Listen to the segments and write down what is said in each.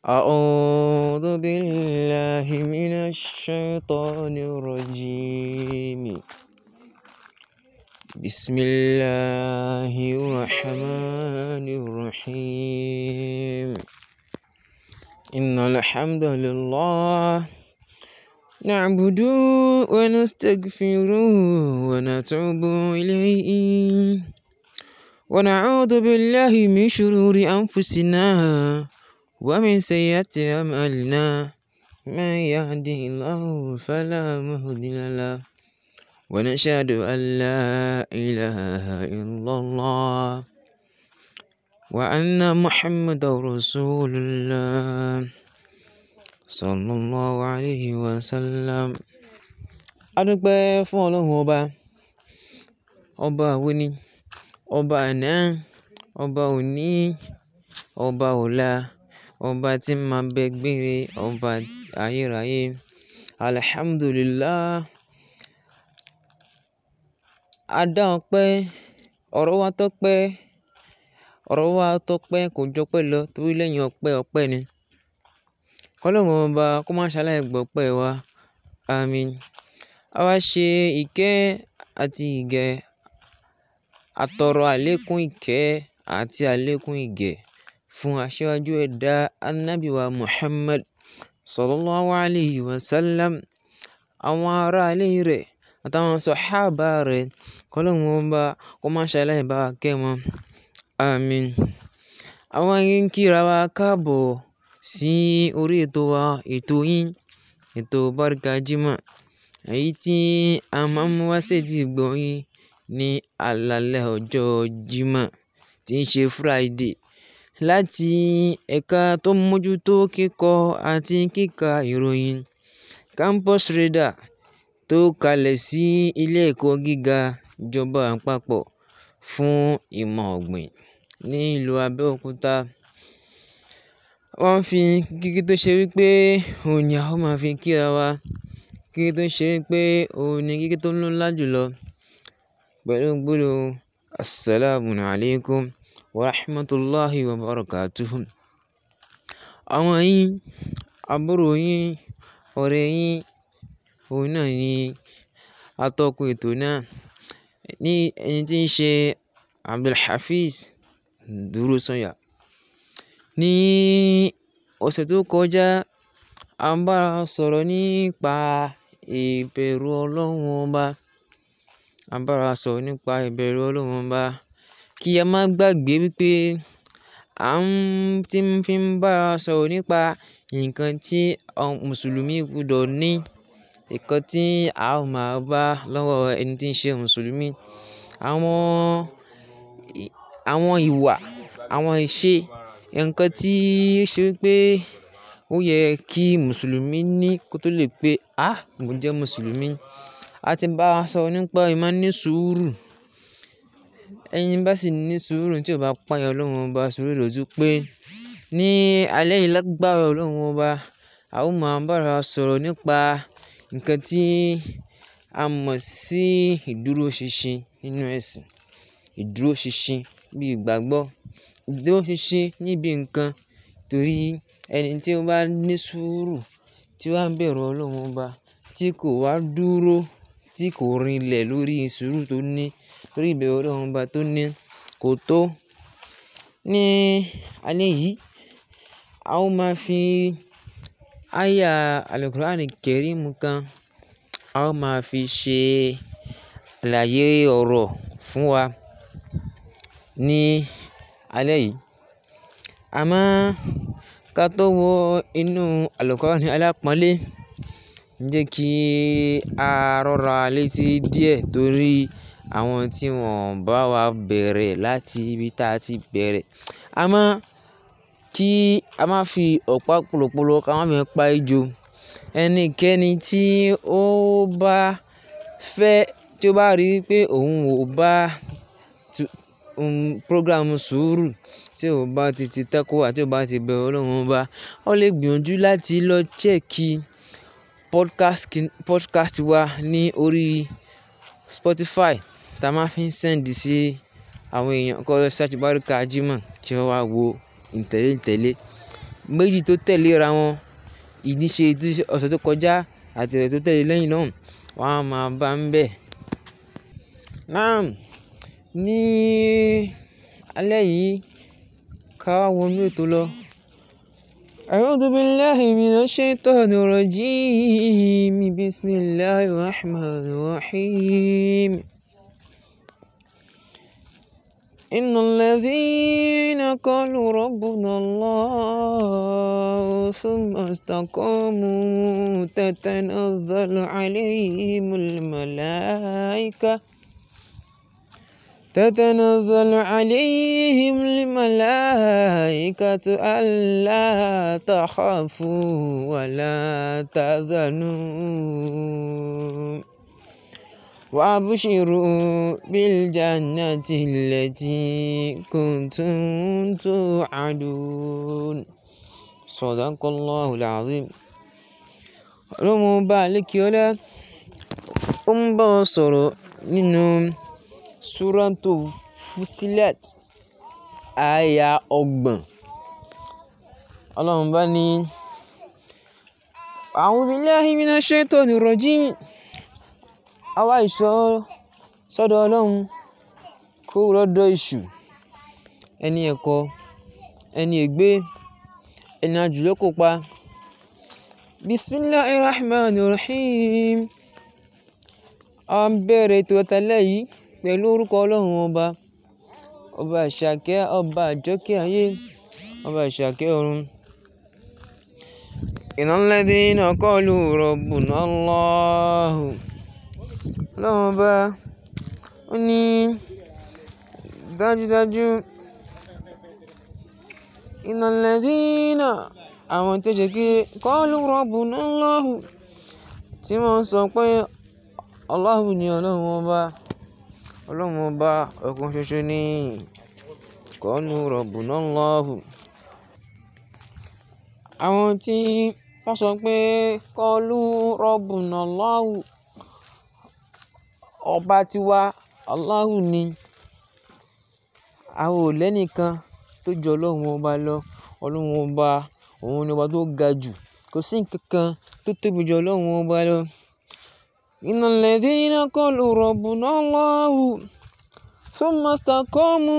أعوذ بالله من الشيطان الرجيم بسم الله الرحمن الرحيم إن الحمد لله نعبده ونستغفره ونتوب إليه ونعوذ بالله من شرور أنفسنا ومن سيئات أعمالنا من يهده الله فلا مهدي له ونشهد أن لا إله إلا الله وأن محمد رسول الله صلى الله عليه وسلم adúpẹ́ fún ọlọ́run أبا ọba وني ni ọba àná وني òní ولا ọba tí ma máa bẹ gbére, ọba ayérayé. Alhamdulillah. A dá ọpẹ́, ọ̀rọ̀ wa tọ́pẹ́, ọ̀rọ̀ wa tọ́pẹ́ kò jọpẹ́ lọ torí lẹ́yìn ọpẹ́, ọpẹ́ ni. Kọ́lọ́run ọba kó má ṣaláì gbọ́ ọpẹ́ wa. Amin. A wá ṣe ìkẹ́ àti ìgẹ̀, àtọrọ àlékún ìkẹ́ àti àlékún ìgẹ̀ fún aṣíwájú ẹ̀dá Ànábì wa Muhammad sallallahu alayhi wa sallam àwọn ará ilé rẹ̀ àtàwọn sọ̀hábà rẹ̀ kọ́lọ́hún wọn bá kó má ṣàlàyé bá kẹ́ wọn àmín. àwọn yín kíra wa káàbọ̀ sí orí ètò wa ètò yín ètò Barika Jimoh èyí tí a máa ń mú wá sétí ìgbọ̀nyín ní alalẹ́ ọjọ́ Jímọ̀ tí ń ṣe Friday láti ẹ̀ka tó ń mójútó kíkọ àti kíka ìròyìn Campus Radar, tó kalẹ̀ sí Ilé Ẹ̀kọ́ Gíga Ìjọba Àpapọ̀ fún Ìmọ̀ Ọ̀gbìn ní ìlú Abẹ́òkúta, wọ́n ń fi kíkí tó ṣe wípé òun ni a máa fi kíra wa, kíkí tó ṣe wípé òun ni kíkí tó lọ́lá jùlọ, pẹ̀lú gbólóhùn Assalamu Alaikum warahmatullahi wa barakatuhu. Àwọn yín, àbúrò yín, ọ̀rẹ́ yín, òun náà ni atọ́kùn ètò náà. Ní ẹni tí ń ṣe Abdulhafiz Durosanya. Ní ọ̀sẹ̀ tó kọjá, a ń bá sọ̀rọ̀ nípa ìbẹ̀rù Ọlọ́run Ọba. A bá sọ̀rọ̀ nípa ìbẹ̀rù Ọlọ́run Ọba. Kí a má gbàgbé wípé à ń tí ń fi ń bá ara sọ̀rọ̀ nípa nǹkan tí Mùsùlùmí gbọdọ̀ ní, nǹkan tí a ó máa bá lọ́wọ́ ẹni tí ń ṣe Mùsùlùmí. Àwọn, àwọn ìwà, àwọn ìṣe, nǹkan tí ó ṣe wípé ó yẹ kí Mùsùlùmí ní kó tó lè pé "à, mo jẹ́ Mùsùlùmí". A ti bá ara sọ̀rọ̀ nípa ìmáa ní sùúrù. Ẹni bá sì ní sùúrù tí ò bá páyà Ọlọ́run Ọba, sùúrù rẹ̀ ò tún pé. Ní alẹ́ yìí lágbára Ọlọ́run Ọba, a ó máa bá ara wa sọ̀rọ̀ nípa nǹkan tí a mọ̀ sí ìdúróṣinṣin nínú ẹ̀sìn. Ìdúróṣinṣin bí ìgbàgbọ́, ìdúróṣinṣin níbi nǹkan torí ẹni tí ó bá ní sùúrù, tí ó ń bẹ̀rù Ọlọ́run Ọba, tí kò wá dúró, tí kò rinlẹ̀ lórí sùúrù tó ní torí ìbẹ̀rù Ọlọ́run ọba tó ní kò tó. Ní alẹ́ yìí, a ó máa fi áyà Al-Qur'an Karim kan, a ó máa fi ṣe àlàyé ọ̀rọ̀ fún wa ní alẹ́ yìí. Àmọ́ ká tó wọ inú Al-Qur'an alápọ́nlé, ǹjẹ́ kí a rọra létí díẹ̀ torí àwọn tí wọ́n bá wa bẹ̀rẹ̀ láti ibi tá a ti bẹ̀rẹ̀. Àmọ́ kí a má fi ọ̀pá pòlopòlo ká má fi pa ejò. Ẹnikẹ́ni tí ó bá fẹ́, tí ó bá rí wípé òun ò bá program sùúrù tí ò bá ti ti tẹ́kọ̀ọ́ àti tí ò bá ti bẹ̀rù Ọlọ́run Ọba, ó lè gbìyànjú láti lọ chẹ́ẹ̀kì podcast, podcast wa ní orí Spotify tá a máa fi ń send sí àwọn èèyàn kọ́ search Barika Jimoh kí wọ́n wá wo ìtẹ̀lé ìtẹ̀lé méjì tó tẹ̀lé ra wọn ìdíṣe ọ̀sẹ̀ tó kọjá àti ọ̀sẹ̀ tó tẹ̀lé lẹ́yìn náà wọ́n á máa bá ń bẹ̀. náà ní alẹ́ yìí ká wá wọnú ètò lọ. أعوذ بالله من الشيطان الرجيم بسم الله الرحمن الرحيم إن الذين قالوا ربنا الله ثم استقاموا تتنزل عليهم الملائكة تتنزل عليهم الملائكة ألا تخافوا ولا تذنوا وابشروا بالجنة التي كنتم توعدون صدق الله العظيم رم بالك alékiọ́lá أم بصر bá wọn sọ̀rọ̀ nínú súrántò اللهم بني. أعوذ بالله من الشيطان الرجيم a wá ìṣọ́ sọ́dọ̀ Ọlọ́run kúrò lọ́dọ̀ ẹni ẹ̀kọ́ ẹni ègbé ẹni àjùlé kò pa. bisimilahi rahman rahim a ń bẹ̀rẹ̀ ètò ọ̀tẹ̀lẹ̀ yìí pẹ̀lú orúkọ Ọlọ́run ọba ọba àṣàkẹ́ ọba àjọkẹ́ ayé ọba àṣàkẹ́ ọ̀run. إن الذين قالوا ربنا الله Ọlọ́run Ọba ó ní dájúdájú innal ladhina àwọn tó ṣe pé qalu rabbuna Allahu tí wọ́n sọ pé Allahu ni Ọlọ́run Ọba, Ọlọ́run Ọba ọ̀kan ṣoṣo ni qalu rabbuna Allahu. Àwọn tí wọ́n sọ pé qalu rabbuna Allahu ọba tiwa Allahu ni. A ò lẹ́nìkan tó ju Ọlọ́run ọba lọ. Ọlọ́run ọba, òun ni ọba tó ga jù. Kò sí ǹkan kan tó tóbi ju Ọlọ́run ọba lọ. Innal ladhina qalu rabbuna Allahu thumma istaqamu.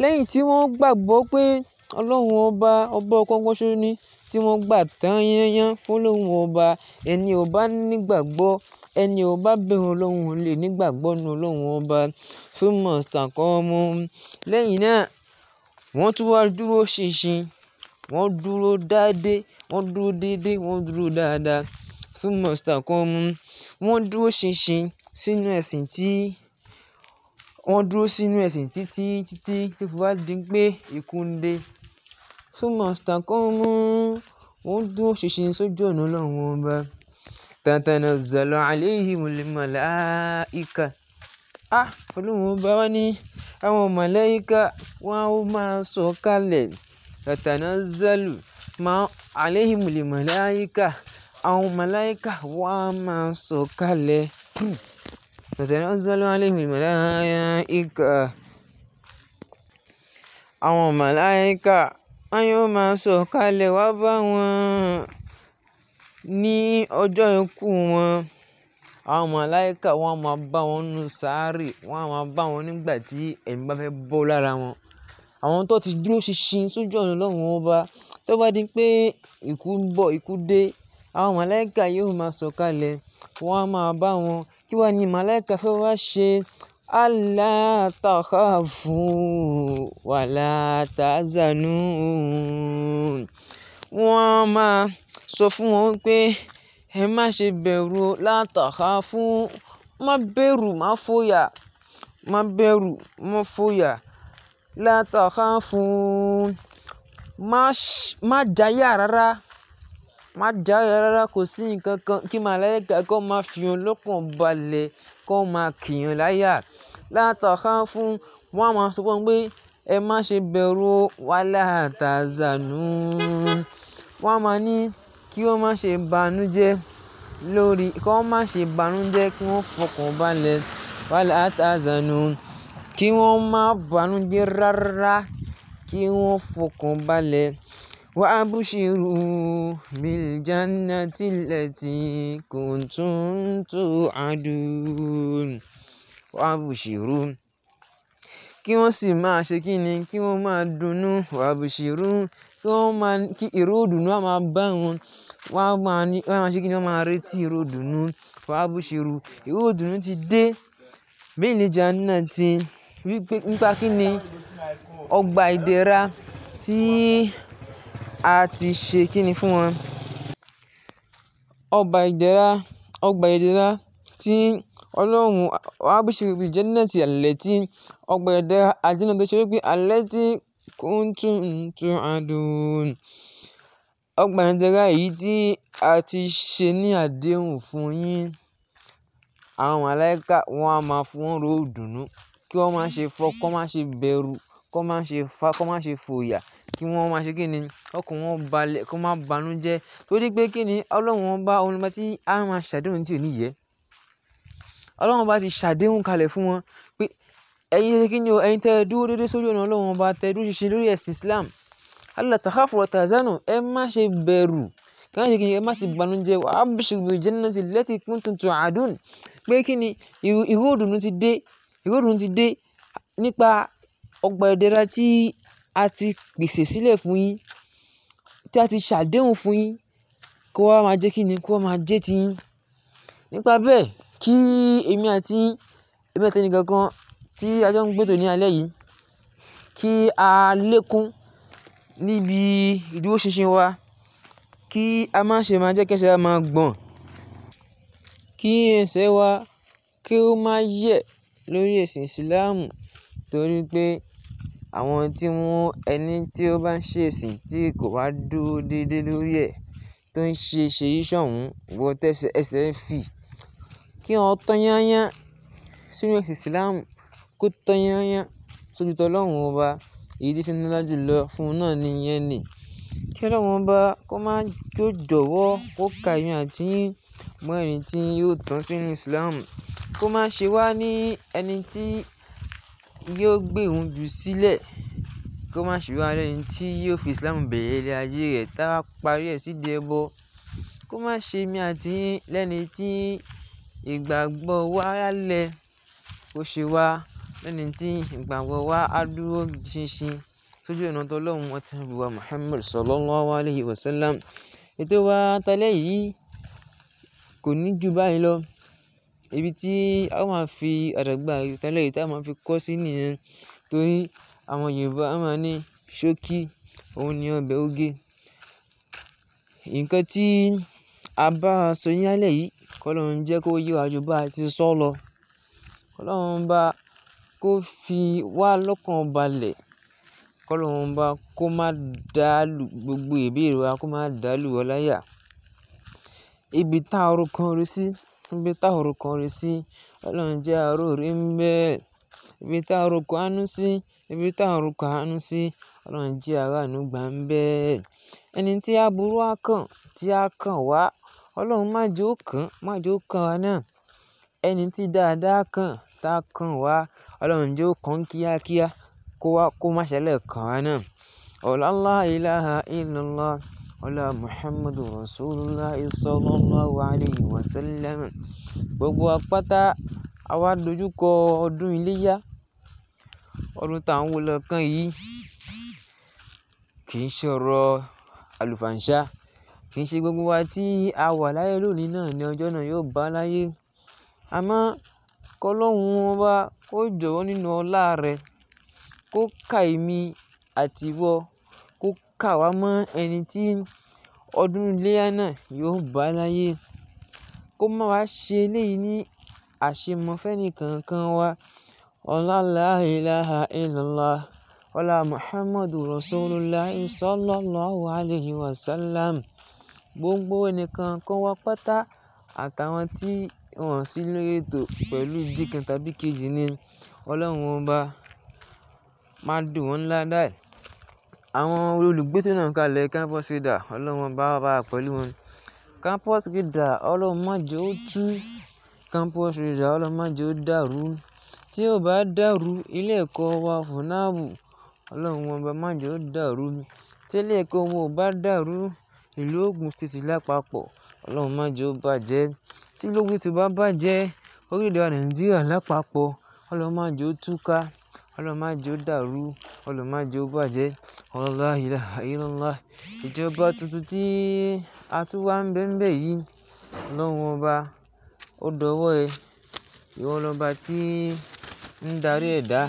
Lẹ́yìn tí wọ́n gbàgbọ́ pé Ọlọ́run ọba, ọba ọ̀kan ṣoṣo ni, tí wọ́n gbà tán yányán fún Ọlọ́run ọba, ẹni ò bá Ẹni ò bá bẹ̀rù Ọlọ́run lè nígbàgbọ́ nínú Ọlọ́run ọba. Thumma istaqamu. Lẹ́yìn náà, wọ́n tún wá dúró ṣinṣin. Wọ́n dúró dédé, wọ́n dúró dédé, wọ́n dúró dáadáa. Thumma istaqamu. Wọ́n dúró ṣinṣin sínú ẹ̀sìn tí, wọ́n dúró sínú ẹ̀sìn títí, títí tó fi wá di pé ikú ń dé. Thumma istaqamu. Wọ́n dúró ṣinṣin sójú ọ̀nà Ọlọ́run ọba. تتنزل عليهم الملائكة. Ah! Ọlọ́run ọba wá ní àwọn mọ̀lẹ́íkà wọ́n ó máa sọ̀kalẹ̀. Tatanazzalu máa alayhimul mọ̀lẹ́íkà. Àwọn mọ̀lẹ́íkà wọ́n á máa sọ̀kalẹ̀. Tatanazzalu alayhimul mọ̀lẹ́íkà. Àwọn mọ̀lẹ́íkà wọ́n yóò máa sọ̀kalẹ̀ wá bá wọn. Ní ọjọ́ ikú wọn, àwọn màláíkà wọ́n a máa bá wọn nínú sàárè, wọ́n a máa bá wọn nígbà tí ẹ̀mí bá fẹ́ bọ́ lára wọn. Àwọn tó ti dúró ṣinṣin sójú ọ̀nà Ọlọ́run Ọba, tó bá di pé ikú ń bọ̀, ikú dé, àwọn màláíkà yóò máa sọ̀kalẹ̀, wọ́n a máa bá wọn. Kí wá ni màláíkà fẹ́ wá ṣe? Allá takhafu wala tahzanu. a máa sọ fún wọn pé ẹ má ṣe bẹ̀rù o, la takhafu, má bẹ̀rù, má fòyà, má bẹ̀rù, má fòyà. La takhafu, má jáya rárá, má jáya rárá, kò sí nǹkan kan kí màláíkà kan máa fi yan lọ́kàn balẹ̀, kan máa kì láyà. La takhafu, wọ́n á máa sọ fún wọn pé ẹ má ṣe bẹ̀rù o, wala tahzanu. Wọ́n á máa ní kí wọ́n má ṣe banújẹ́ lórí, kí wọ́n má ṣe banújẹ́ kí wọ́n fọkàn balẹ̀ wala tahzanu, kí wọ́n má banújẹ́ rárá, kí wọ́n fọkàn balẹ̀. Wa abshiru bil jannati allati kuntum tu'adun. Wa abshiru. Kí wọ́n sì máa ṣe kí ni? Kí wọ́n máa dunnú. Wa abshiru. Kí wọ́n máa, kí ìró ìdùnnú a máa bá wọn wọ́n á máa ní, wọ́n á máa ṣe kíni, wọ́n máa retí ìró ìdùnnú fàábùṣeru. Ìró ìdùnnú ti dé. Béènì Jannati wípé nípa kíni ọgbà ìdẹ̀ra tí a ti ṣe kíni fún wọn. Ọgbà ìdẹ̀ra, ọgbà ìdẹ̀ra tí Ọlọ́run fàábùṣeru bil Jannati allati ọgbà ìdẹ̀ra Aljannah tó ṣe wípé allati kuntum tu'adun ọgbà ìjẹ̀ra èyí tí a ti ṣe ní àdéhùn fún yín àwọn màláíkà wọn á máa fún wọn ró ìdùnnú kí wọ́n má ṣe fọ́ kọ́ má ṣe bẹ̀rù kọ́ má ṣe fa kọ́ má ṣe fòyà kí wọ́n má ṣe kíni ọkàn wọn balẹ̀ kó má banújẹ́ torí pé kíni ọlọ́run ọba òun ọba tí a máa ṣàdéhùn tí ò ní yẹ ọlọ́run ọba ti ṣàdéhùn kalẹ̀ fún wọn pé ẹ̀yin kíni o ẹ̀yin tẹ́ dúró déédéé sójú ọ̀nà ọlọ́run ọba tẹ́ dúró ṣinṣin lórí ẹ̀sìn Islam Allah takhafu wa tazanu ẹ má ṣe bẹ̀rù kí wọ́n ṣe kìnìún ẹ má sì banújẹ́ wa abshiru bil jannati allati kuntum tu'adun pé kí ni ìró ìdùnnú ti dé ìró ìdùnnú ti dé nípa ọgbà ìdẹ̀ra tí a ti pèsè sílẹ̀ fún yín tí a ti ṣàdéhùn fún yín kó wá máa jẹ́ kí ni kó wá máa jẹ́ ti yín nípa bẹ́ẹ̀ kí èmi àti èmi àti ẹnìkan kan tí a jọ ń gbé ní alẹ́ yìí kí a lékún níbi ìdúróṣinṣin wa kí a má ṣe máa jẹ́ kẹ́sẹ̀ wa máa gbọ̀n, kí ẹsẹ̀ wa kí ó má yẹ̀ lórí ẹ̀sìn Ìsìláàmù torí pé àwọn tí wọ́n ẹni tí ó bá ń ṣe ẹ̀sìn tí kò bá dúró déédéé lórí ẹ̀ tó ń ṣe ṣèyí ṣọ̀hún wọ tẹ́sẹ̀ ẹsẹ̀ ń fì. Kí wọn tán yányán sínú ẹ̀sìn Ìsìláàmù kó tán yányán sójú Ọlọ́run Ọba èyí tí fi ń lọ́lá jùlọ fún náà ni ìyẹn ni. Kí Ọlọ́run bá kó máa jó jọ̀wọ́ kó ka èmi àti yín mọ ẹni tí yóò tán sínú Islam, kó má ṣe wá ní ẹni tí yóò gbé òun jù sílẹ̀, kó má ṣe wá lẹ́ni tí yóò fi Islam bẹ̀rẹ̀ ilé ayé rẹ̀ tá a parí ẹ̀ sídi ẹbọ, kó má ṣe èmi àti yín lẹ́ni tí ìgbàgbọ́ wa á lẹ, kó ṣe wá lẹ́ni tí ìgbàgbọ́ wa á dúró ṣinṣin sójú ọ̀nà t'Ọlọ́hun àti Ànábì wa Muhammad sallallahu alayhi wa sallam. Ètò wa talẹ́ yìí kò ní ju báyìí lọ. Ibi tí a máa fi àdàgbà ìtàlẹ̀ yìí tá a máa fi kọ́ sí nìyẹn torí àwọn Yorùbá a máa ní ṣókí òun ni ọbẹ̀ oge. Nǹkan tí a bá sọ ní alẹ́ yìí k'Ọlọ́hun jẹ́ kó yé wa ju bá a ti sọ lọ. K'Ọlọ́hun bá kó fi wá lọ́kàn balẹ̀. Kọ́ lọ́hun kó má dá gbogbo ìbéèrè wa kó má dá lù wa láyà. Ibi tá ro kan ore sí, ibi tá ro kan ore sí, Ọlọ́run jẹ́ a r'ore ń bẹ. Ibi tá ro ko àánú sí, ibi tá ro ko àánú sí, Ọlọ́run jẹ́ a gbà ń bẹ. Ẹni tí aburú á kàn, tí á kàn wá, Ọlọ́run má jẹ kàn, má jẹ kàn wa náà. Ẹni tí dáadáa kàn, tá kàn wá, Ọlọ́run jẹ́ ó kàn kíákíá kó wá kó má ṣẹlẹ̀ kàn wá náà. Ọ̀la lá ilaha illallah. Ọlá Muhammadu Rasulullah sallallahu alayhi wa sallam. Gbogbo wa pátá a wá dojúkọ ọdún iléyá. Ọdún tá ń wò lọ kàn yìí kì í ṣe ọ̀rọ̀ Kì í ṣe gbogbo wa tí a wà láyé lónìí náà ni ọjọ́ náà yóò bá láyé. Àmọ́ Kọ́lọ́hun ọba kó jọ̀wọ́ nínú ọlá rẹ̀, kó ka èmi àti ìwọ, kó kà wá mọ́ ẹni tí ọdún iléyá náà yóò bá láyé. Kó má wá ṣe eléyìí ní àṣemọ́ kankan wa. Ọlá lá illallah. Ọlá Muhammadu Rasulullah sallallahu alayhi wa sallam. Gbogbo ẹni kankan wa pátá àtàwọn tí wọ́n sí lórí ètò pẹ̀lú ìdí kan tàbí kejì ni Ọlọ́run ọba máa dùn wọ́n ládàá. Àwọn olùgbé tó náà kalẹ̀ campus radar Ọlọ́run ọba wa bá wa pẹ̀lú wọn. Campus radar Ọlọ́run má jẹ ó tú. Campus radar Ọlọ́run má jẹ ó dàrú. Tí ó bá dàrú, ilé ẹ̀kọ́ wa FUNAAB Ọlọ́run ọba má jẹ ó dàrú. Tí ilé ẹ̀kọ́ wọn ò bá dàrú, ìlú Ogun State lápapọ̀ Ọlọ́run má jẹ ó bàjẹ́ tí gbogbo ètò bá bàjẹ́ orílẹ̀-èdè wa Nàìjíríà lápapọ̀, Ọlọ́run má jẹ́ ó túká, Ọlọ́run má jẹ́ ó dàrú, Ọlọ́run má jẹ́ ó bàjẹ́. La ilaha illallah. Ìjọba tuntun tí a tún wá ń bẹ̀mbẹ̀ yìí, Ọlọ́run ọba, ó dọwọ́ ẹ. Ìwọ lọba tí ń darí ẹ̀dá,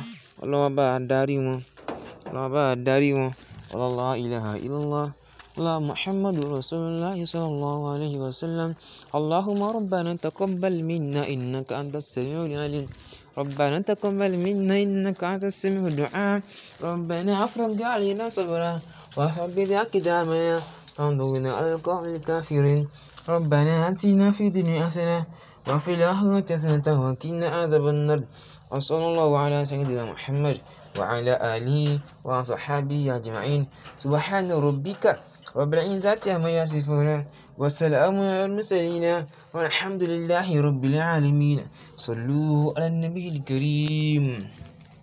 Ọlọ́run bá darí wọn, Ọlọ́run bá darí wọn. La ilaha illallah. على محمد رسول الله صلى الله عليه وسلم اللهم ربنا تقبل منا إنك أنت السميع العليم ربنا تقبل منا إنك أنت السميع الدعاء ربنا أفرج علينا صبرا وحبذ أقدامنا وانظرنا على القوم الكافرين ربنا آتنا في الدنيا حسنة وفي الآخرة حسنة وكنا عذاب النار وصلى الله على سيدنا محمد وعلى آله وصحبه أجمعين سبحان ربك رب العزة عما يصفون والسلام على المرسلين والحمد لله رب العالمين صلوا على النبي الكريم